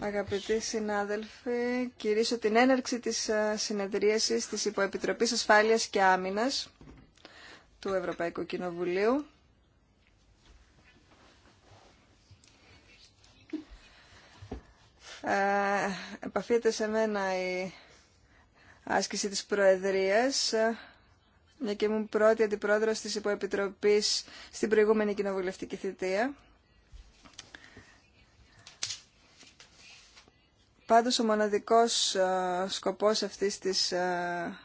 Αγαπητοί συνάδελφοι, κυρίσω την έναρξη της ε, συνεδρίασης της Υποεπιτροπής Ασφάλειας και Άμυνας του Ευρωπαϊκού Κοινοβουλίου. Ε, επαφείται σε μένα η άσκηση της Προεδρίας μια και ήμουν πρώτη αντιπρόεδρος της Υποεπιτροπής στην προηγούμενη κοινοβουλευτική θητεία. Πάντως ο μοναδικός ε, σκοπός αυτής της ε,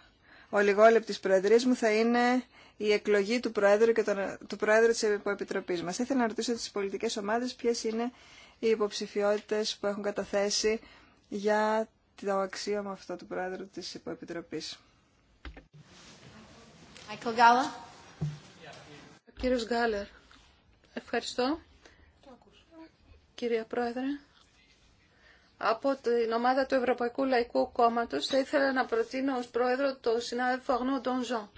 ολιγόλεπτης προεδρίας μου θα είναι η εκλογή του Προέδρου και τον, του Προέδρου της Επιτροπής μας. Ήθελα να ρωτήσω τις πολιτικές ομάδες ποιες είναι οι υποψηφιότητες που έχουν καταθέσει για το αξίωμα αυτό του Προέδρου της Υποεπιτροπής. Κύριος Γκάλερ, ευχαριστώ. κύριε Πρόεδρε από την ομάδα του Ευρωπαϊκού Λαϊκού Κόμματο, θα ήθελα να προτείνω ω πρόεδρο τον συνάδελφο Αγνό Ντονζόν.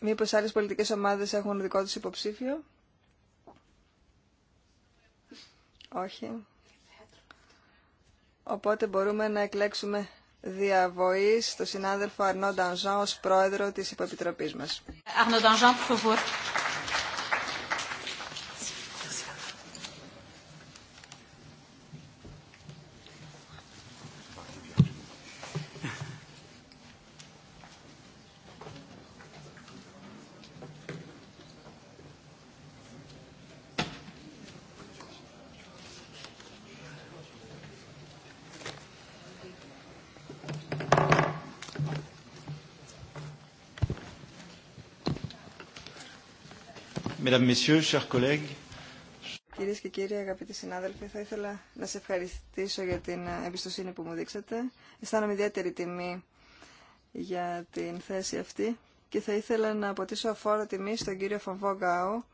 Μήπω άλλε πολιτικέ ομάδε έχουν δικό του υποψήφιο. Όχι. Οπότε μπορούμε να εκλέξουμε διαβοή στο συνάδελφο Αρνό Ντανζόν ω πρόεδρο της υποεπιτροπής μας. Κυρίες και κύριοι, αγαπητοί συνάδελφοι, θα ήθελα να σε ευχαριστήσω για την εμπιστοσύνη που μου δείξατε. Αισθάνομαι ιδιαίτερη τιμή για την θέση αυτή και θα ήθελα να αποτίσω αφόρο τιμή στον κύριο Γκάου.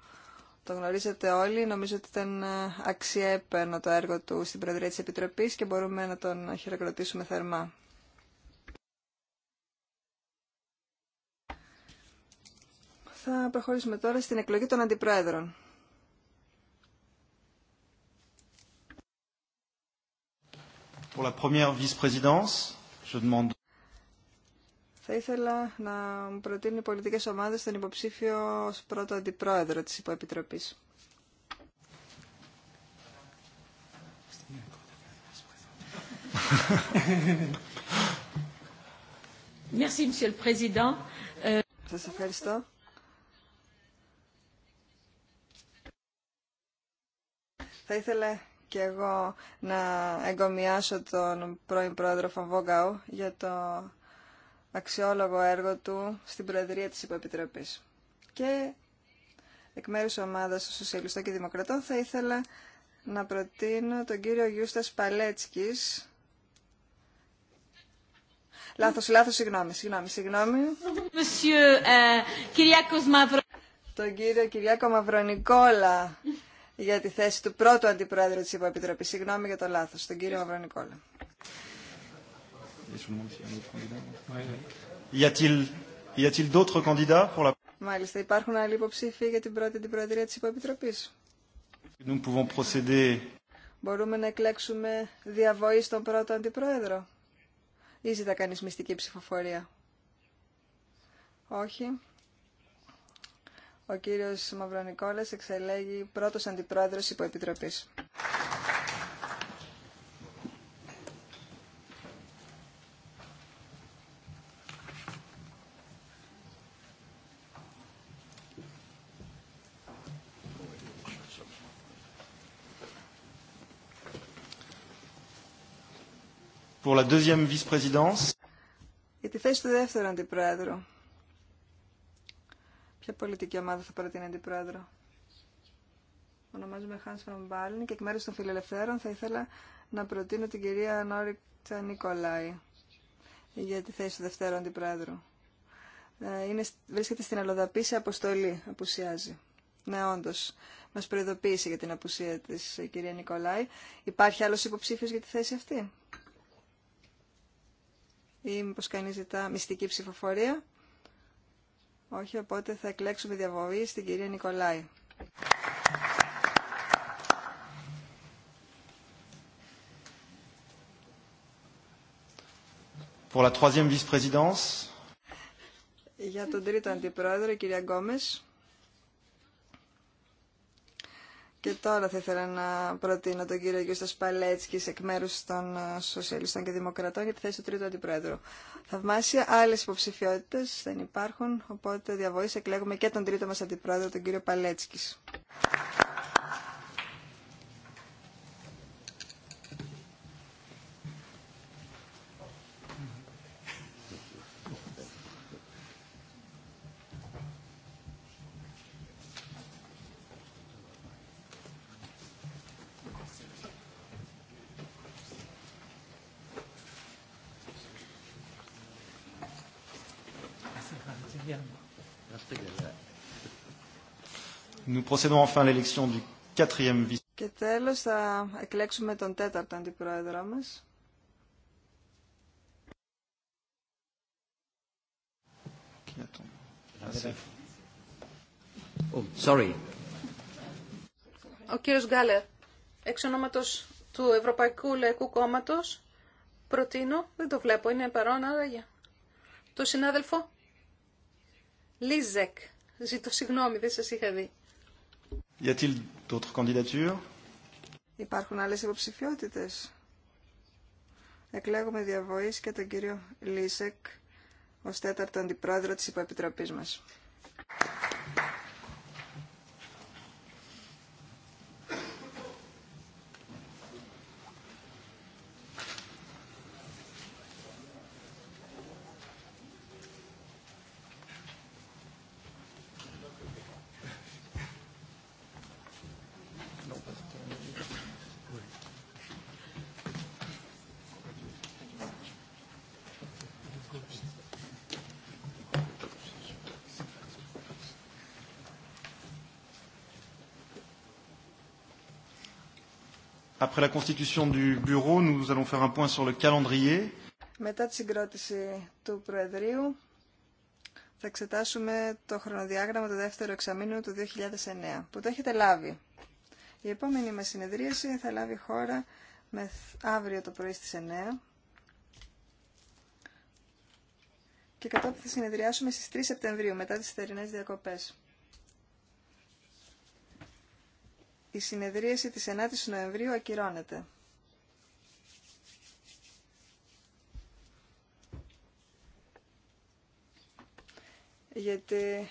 Το γνωρίζετε όλοι, νομίζω ότι ήταν ε, αξιέπαινο το έργο του στην Προεδρία της Επιτροπής και μπορούμε να τον χειροκροτήσουμε θερμά. Θα προχωρήσουμε τώρα στην εκλογή των αντιπρόεδρων. Pour la première vice-présidence, je demande θα ήθελα να μου προτείνουν οι πολιτικές ομάδες τον υποψήφιο ως πρώτο αντιπρόεδρο της Υποεπιτροπής. Merci, Σας ευχαριστώ. Θα ήθελα και εγώ να εγκομιάσω τον πρώην πρόεδρο Φαβόγκαου για το αξιόλογο έργο του στην Προεδρία της Υποεπιτροπής. Και εκ μέρους ομάδας των Σοσιαλιστών και Δημοκρατών θα ήθελα να προτείνω τον κύριο Γιούστας Παλέτσκης. Λάθος, λάθος, συγγνώμη, συγγνώμη, συγγνώμη. Monsieur, ε, Τον κύριο Κυριάκο Μαυρονικόλα για τη θέση του πρώτου αντιπρόεδρου της Υποεπιτροπής. Συγγνώμη για το λάθος, τον κύριο Μαυρονικόλα. Μάλιστα, υπάρχουν άλλοι υποψήφοι για την πρώτη αντιπροεδρία της Υποεπιτροπής. Μπορούμε να εκλέξουμε διαβοή στον πρώτο αντιπρόεδρο ή ζητά κανείς μυστική ψηφοφορία. Όχι ο κύριος Μαυρονικόλας εξελέγει πρώτος αντιπρόεδρος υποεπιτροπής. Για τη θέση του δεύτερου αντιπρόεδρου. Ποια πολιτική ομάδα θα προτείνει αντιπρόεδρο. Ονομάζομαι Hans von και εκ μέρους των φιλελευθέρων θα ήθελα να προτείνω την κυρία Νόριτσα Νικολάη για τη θέση του δευτέρου αντιπρόεδρου. Ε, είναι, βρίσκεται στην Αλοδαπή σε αποστολή, απουσιάζει. Ναι, όντω. Μα προειδοποίησε για την απουσία τη ε, κυρία Νικολάη. Υπάρχει άλλο υποψήφιο για τη θέση αυτή. Ή μήπω κανεί ζητά μυστική ψηφοφορία. Όχι, οπότε θα εκλέξουμε διαβοή στην κυρία Νικολάη. Για τον τρίτο αντιπρόεδρο, κυρία Γκόμες. Και τώρα θα ήθελα να προτείνω τον κύριο Γιώργο Παλέτσκη εκ μέρου των ε, Σοσιαλιστών και Δημοκρατών για τη θέση του τρίτου αντιπρόεδρου. Θαυμάσια. Άλλε υποψηφιότητε δεν υπάρχουν, οπότε διαβοή εκλέγουμε και τον τρίτο μα αντιπρόεδρο, τον κύριο Παλέτσκη. Και τέλος θα εκλέξουμε τον τέταρτο αντιπρόεδρό μας. Oh, sorry. Ο κύριος Γκάλερ, εξ ονόματος του Ευρωπαϊκού Λαϊκού Κόμματος, προτείνω, δεν το βλέπω, είναι παρόν άραγε, το συνάδελφο Λίζεκ. Ζητώ συγγνώμη, δεν σας είχα δει. Υπάρχουν άλλες υποψηφιότητες. Εκλέγουμε διαβοής και τον κύριο Λίσεκ ως τέταρτο αντιπρόεδρο της υποεπιτροπής μας. Après la constitution du bureau, nous allons faire un point sur le calendrier. Μετά τη συγκρότηση του Προεδρείου, θα εξετάσουμε το χρονοδιάγραμμα του δεύτερου εξαμήνου του 2009, που το έχετε λάβει. Η επόμενη μας συνεδρίαση θα λάβει χώρα με αύριο το πρωί στις 9 και κατόπιν θα συνεδριάσουμε στις 3 Σεπτεμβρίου μετά τις θερινές διακοπές. Η συνεδρίαση της 9ης Νοεμβρίου ακυρώνεται. Γιατί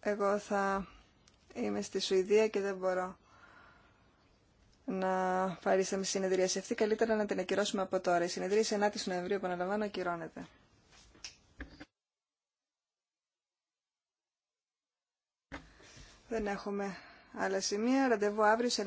εγώ θα είμαι στη Σουηδία και δεν μπορώ να παρήσαμε στη συνεδρίαση αυτή. Καλύτερα να την ακυρώσουμε από τώρα. Η συνεδρίαση 9ης Νοεμβρίου, επαναλαμβάνω, ακυρώνεται. Δεν έχουμε άλλα σημεία. Ραντεβού αύριο σε